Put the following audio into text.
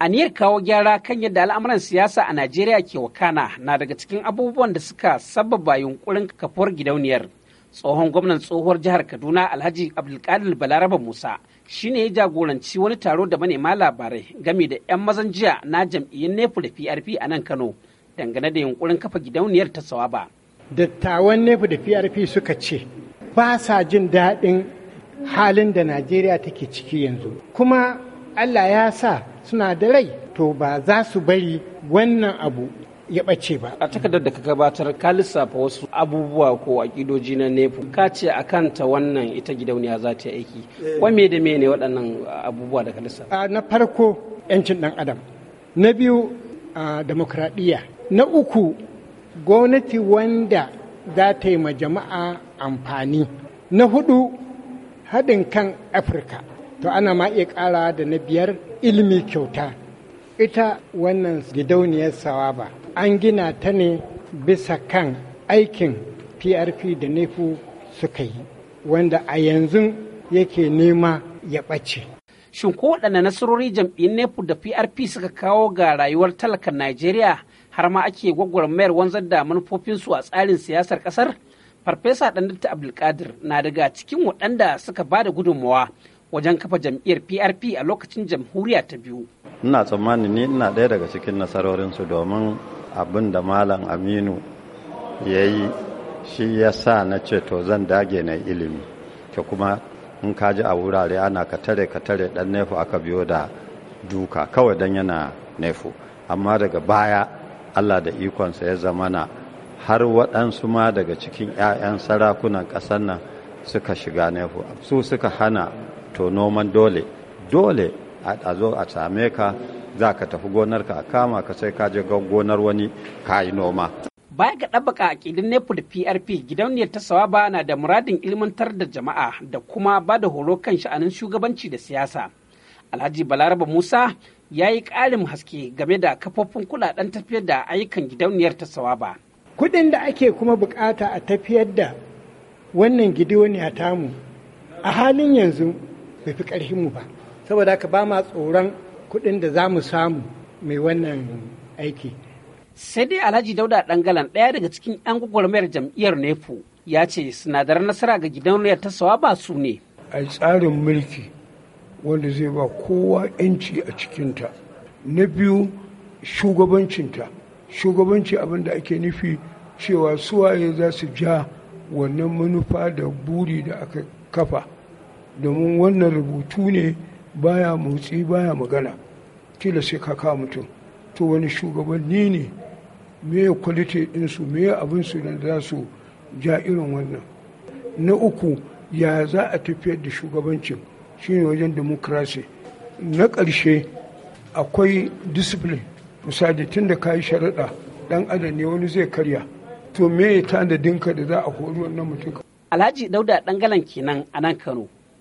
Aniyar kawo gyara kan yadda al'amuran siyasa a Najeriya ke wakana na daga cikin abubuwan da suka sababa yunkurin kafuwar gidauniyar. Tsohon gwamnan tsohuwar jihar Kaduna Alhaji Abdulkadir Balaraba Musa shine ya jagoranci wani taro da manema labarai game da 'yan mazan jiya na jam'iyyar nepu da PRP a nan Kano dangane da yunkurin kafa gidauniyar ta Sawaba. Dattawan nepu da PRP suka ce ba sa jin daɗin halin da Najeriya take ciki yanzu. Kuma Allah ya sa suna da rai to ba za su bari wannan abu ya ɓace ba. A takardar da ka gabatar ka lissafa wasu abubuwa ko aƙidoji na nefu ka ce a kanta wannan ita gidauniya za ta aiki. Eh. Wa me da me ne waɗannan abubuwa da ka lissafa? Na farko 'yancin ɗan adam. Na biyu demokradiyya. Na uku gwamnati wanda za ta yi ma jama'a amfani. Na hudu haɗin kan Afirka. to ana ma iya ƙara da na biyar ilimi kyauta ita wannan gidauniyar sawaba an gina ta ne bisa kan aikin prp da nefu suka yi wanda a yanzu yake nema ya ɓace shin ko waɗanne nasarori jam'iyyar nefu da prp suka kawo ga rayuwar talakan najeriya har ma ake gwagwarmayar wanzar da manufofinsu a tsarin siyasar ƙasar farfesa ɗandatta abdulkadir na daga cikin waɗanda suka ba da gudunmawa wajen kafa jam'iyyar PRP a lokacin jamhuriya ta biyu. Ina tsammanin ni ina ɗaya daga cikin nasarorinsu domin abin da Malam Aminu ya yi shi ya sa na ce to zan dage na ilimi ke kuma in ka ji a wurare ana ka tare ka tare ɗan nefu aka biyo da duka kawai dan yana nefu amma daga baya Allah da ikonsa ya zama na har waɗansu ma daga cikin 'ya'yan sarakunan ƙasar nan suka shiga nefu su suka hana wato noman dole dole a zo a same ka za ka tafi gonarka a kama ka sai ka je gonar wani ka yi noma baya ga ɗabaka aƙidin nepo da prp gidauniyar ta sawaba na da muradin ilmantar da jama'a da kuma ba da horo kan sha'anin shugabanci da siyasa alhaji balaraba musa ya yi ƙarin haske game da kafofin kuɗaɗen tafiyar da ayyukan gidauniyar ta sawaba kuɗin da ake kuma bukata a tafiyar da wannan gidauniya tamu a halin yanzu bai fi ƙarfin mu ba saboda haka ba ma tsoron kuɗin da za mu samu mai wannan aiki sai dai alhaji dauda dangalan ɗaya daga cikin 'yan gwagwarmayar jam'iyyar nepo ya ce sinadaran nasara ga gidauniyar ta sawa ba su ne a tsarin mulki wanda zai ba kowa 'yanci a cikinta na biyu shugabancinta shugabanci abin da ake nufi cewa suwaye za su ja wannan manufa da buri da aka kafa domin wannan rubutu ne baya motsi baya magana kila sai ka kawo mutum to wani shugabanni ne me kwalite ɗinsu me abinsu da za su ja irin wannan na uku ya za a tafiyar da shugabancin shine wajen demokrasi na ƙarshe akwai discipline misali tun da ka yi sharaɗa ɗan adam ne wani zai karya to me ya dinka da za a hori wannan mutum alhaji dauda ɗangalan kenan a nan kano